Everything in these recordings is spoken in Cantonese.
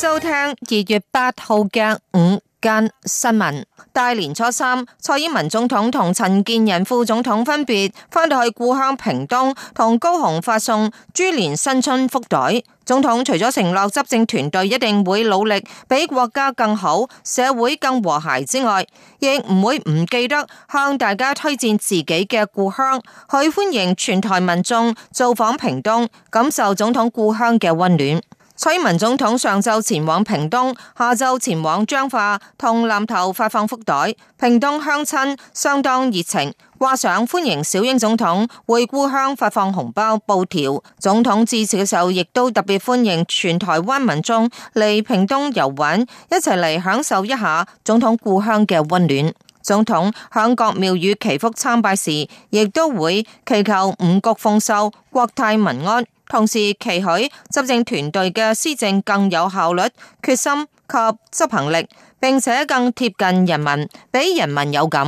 收聽二月八號嘅午間新聞。大年初三，蔡英文總統同陳建仁副總統分別返到去故鄉屏東，同高雄發送豬年新春福袋。總統除咗承諾執政團隊一定會努力，俾國家更好、社會更和諧之外，亦唔會唔記得向大家推薦自己嘅故鄉，去歡迎全台民眾造訪屏東，感受總統故鄉嘅溫暖。蔡文總統上晝前往屏東，下晝前往彰化，同南投發放福袋。屏東鄉親相當熱情，掛上歡迎小英總統回故鄉發放紅包布條。總統致辭嘅時候，亦都特別歡迎全台灣民眾嚟屏東遊玩，一齊嚟享受一下總統故鄉嘅溫暖。總統響各廟宇祈福參拜時，亦都會祈求五穀豐收、國泰民安，同時期許執政團隊嘅施政更有效率、決心及執行力，並且更貼近人民，俾人民有感。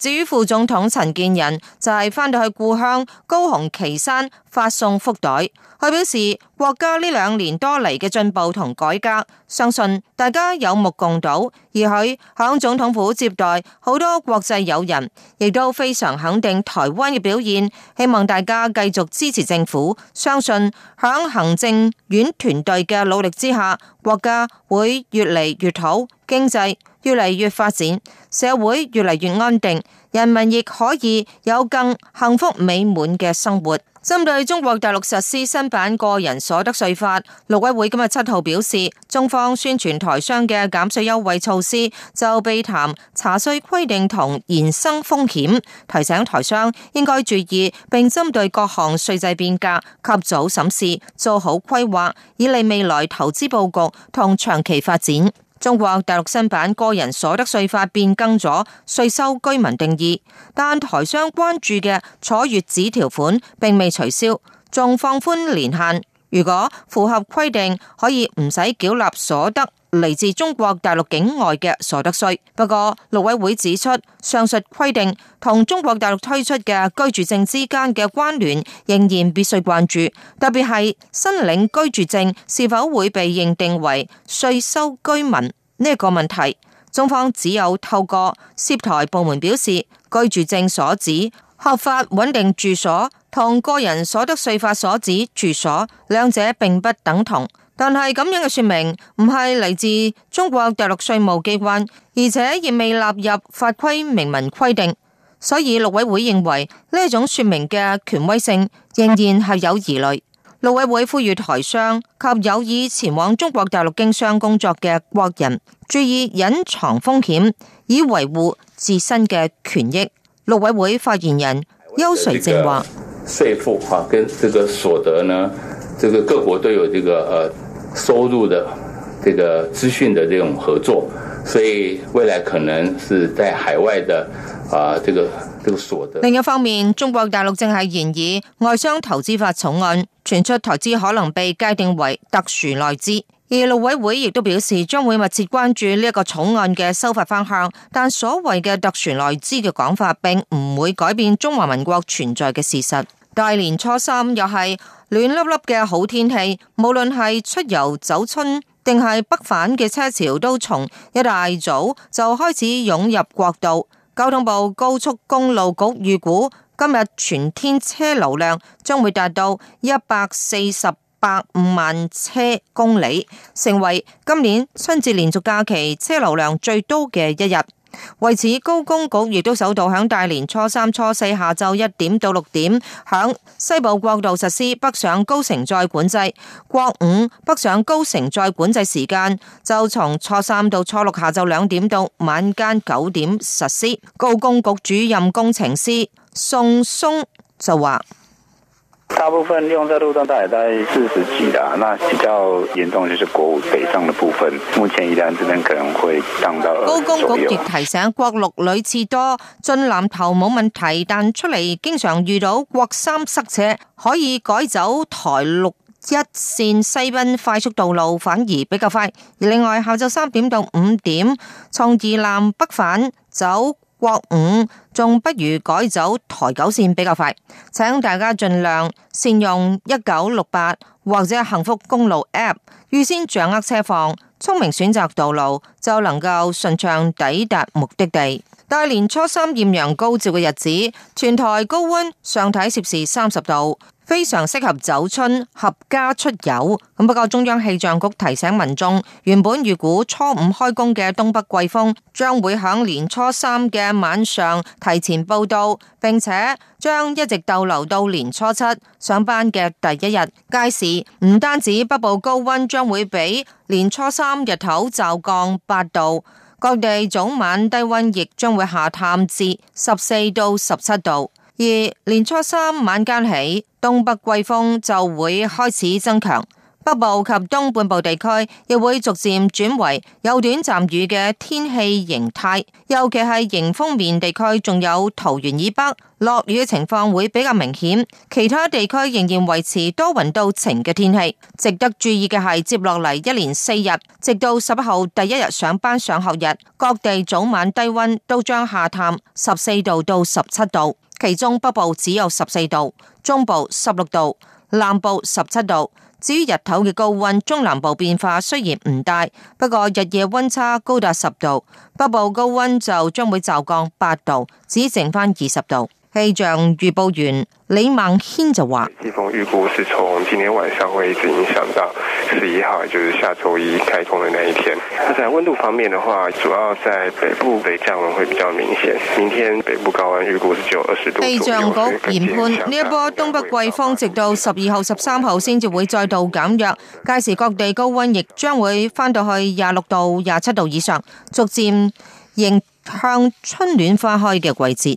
至於副總統陳建仁就係、是、返到去故鄉高雄旗山發送福袋，佢表示。國家呢兩年多嚟嘅進步同改革，相信大家有目共睹。而佢響總統府接待好多國際友人，亦都非常肯定台灣嘅表現。希望大家繼續支持政府，相信響行政院團隊嘅努力之下，國家會越嚟越好，經濟越嚟越發展，社會越嚟越安定，人民亦可以有更幸福美滿嘅生活。針對中國大陸實施新版個人所得稅法，陸委會今日七號表示，中方宣傳台商嘅減稅優惠措施，就避談查稅規定同延伸風險，提醒台商應該注意，並針對各項稅制變革及早審視，做好規劃，以利未來投資佈局同長期發展。中國大陸新版個人所得稅法變更咗稅收居民定義，但台商關注嘅坐月子條款並未取消，仲放寬年限，如果符合規定，可以唔使繳納所得。嚟自中國大陸境外嘅所得稅，不過陸委會指出，上述規定同中國大陸推出嘅居住證之間嘅關聯仍然必須關注，特別係申領居住證是否會被認定為稅收居民呢個問題。中方只有透過涉台部門表示，居住證所指合法穩定住所同個人所得稅法所指住所兩者並不等同。但係咁樣嘅說明唔係嚟自中國大陸稅務機關，而且亦未納入法規明文規定，所以陸委會認為呢種說明嘅權威性仍然係有疑慮。陸委會呼籲台商及有意前往中國大陸經商工作嘅國人注意隱藏風險，以維護自身嘅權益。陸委會發言人邱瑞、這個、正話：稅負法跟這個所得呢，這個各國都有這個誒。收入的這個資訊的這種合作，所以未來可能是在海外的啊，這個這個所得。另一方面，中國大陸正係研議外商投資法草案，傳出台資可能被界定為特殊內資。而陸委會亦都表示將會密切關注呢一個草案嘅修法方向，但所謂嘅特殊內資嘅講法，並唔會改變中華民國存在嘅事實。大年初三又係。暖粒粒嘅好天氣，無論係出遊走春，定係北返嘅車潮，都從一大早就開始湧入國道。交通部高速公路局預估，今日全天車流量將會達到一百四十八五萬車公里，成為今年春節連續假期車流量最多嘅一日。為此，高工局亦都首度響大年初三、初四下晝一點到六點，響西部國道實施北上高乘載管制；國五北上高乘載管制時間就從初三到初六下晝兩點到晚間九點實施。高工局主任工程師宋松就話。大部分用在路段，大約在四十幾啦。那比較嚴重就是國五北上嘅部分，目前依然今天可能會漲到高。公局亦提醒，國六屢次多，進南投冇問題，但出嚟經常遇到國三塞車，可以改走台六一線西濱快速道路，反而比較快。另外，下晝三點到五點，從二南北返走。國五仲不如改走台九線比較快，請大家盡量善用一九六八或者幸福公路 App，預先掌握車況，聰明選擇道路，就能夠順暢抵達目的地。大年初三艷陽高照嘅日子，全台高温上體攝氏三十度。非常適合走春、合家出遊。咁不過中央氣象局提醒民眾，原本預估初五開工嘅東北季風，將會喺年初三嘅晚上提前報到，並且將一直逗留到年初七上班嘅第一日。街市唔單止北部高溫將會比年初三日頭驟降八度，各地早晚低溫亦將會下探至十四到十七度。而年初三晚間起，東北季風就會開始增強，北部及東半部地區亦會逐漸轉為有短暫雨嘅天氣形態，尤其係迎風面地區，仲有桃園以北落雨嘅情況會比較明顯。其他地區仍然維持多雲到晴嘅天氣。值得注意嘅係，接落嚟一連四日，直到十一號第一日上班上學日，各地早晚低溫都將下探十四度到十七度。其中北部只有十四度，中部十六度，南部十七度。至於日頭嘅高溫，中南部變化雖然唔大，不過日夜溫差高達十度。北部高溫就將會驟降八度，只剩翻二十度。氣象預報員李孟軒就話，季風預估是從今天晚上會一直影響到十一號，就是下周一開通的那一天。而且溫度方面的話，主要在北部北降溫會比較明顯。明天北部高溫預估是只有二十度左右。氣象局研判呢一波東北季風直到十二號、十三號先至會再度減弱，屆時各地高溫亦將會返到去廿六度、廿七度以上，逐漸迎向春暖花開嘅季節。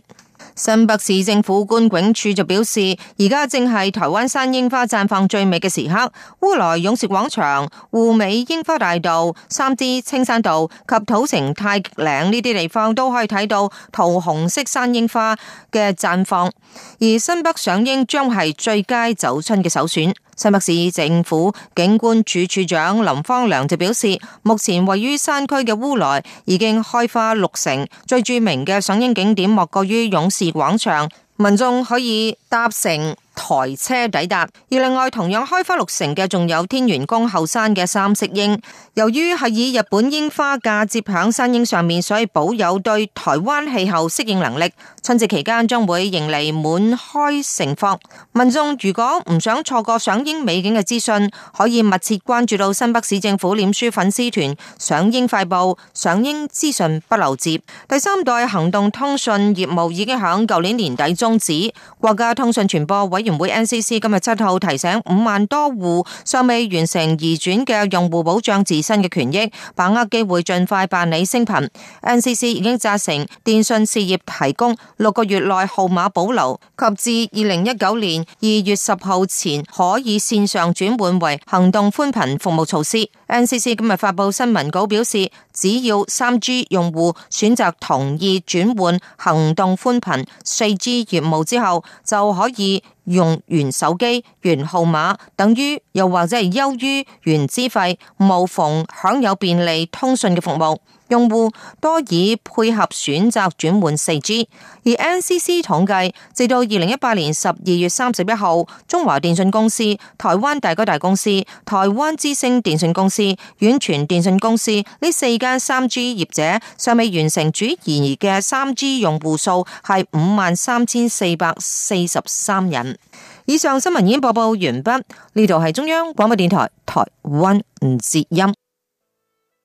新北市政府觀光處就表示，而家正係台灣山櫻花綻放最美嘅時刻，烏來勇士廣場、滬尾櫻花大道、三芝青山道及土城太極嶺呢啲地方都可以睇到桃紅色山櫻花嘅綻放，而新北賞櫻將係最佳走春嘅首選。新北市政府景觀處處長林方良就表示，目前位於山區嘅烏來已經開花六成，最著名嘅賞櫻景點莫過於勇士廣場，民眾可以搭乘。台車抵達，而另外同樣開花六成嘅仲有天元宮後山嘅三色櫻，由於係以日本櫻花嫁接響山櫻上面，所以保有對台灣氣候適應能力，春節期間將會迎嚟滿開盛況。民眾如果唔想錯過賞櫻美景嘅資訊，可以密切關注到新北市政府臉書粉絲團賞櫻快報，賞櫻資訊不漏接。第三代行動通訊業務已經響舊年年底終止，國家通訊傳播委員。唔會 NCC 今日七號提醒五萬多戶尚未完成移轉嘅用戶，保障自身嘅權益，把握機會盡快辦理升頻。NCC 已經責成電訊事業提供六個月內號碼保留及至二零一九年二月十號前可以線上轉換為行動寬頻服務措施。NCC 今日發佈新聞稿，表示只要三 G 用戶選擇同意轉換行動寬頻四 G 業務之後，就可以用原手機、原號碼，等於又或者係優於原資費，無縫享有便利通訊嘅服務。用戶多以配合選擇轉換四 g，而 NCC 統計，直到二零一八年十二月三十一號，中華電信公司、台灣大哥大公司、台灣之星電信公司、遠傳電信公司呢四間 3G 業者尚未完成轉移嘅 3G 用戶數係五萬三千四百四十三人。以上新聞已經播報完畢，呢度係中央廣播電台台灣唔哲音。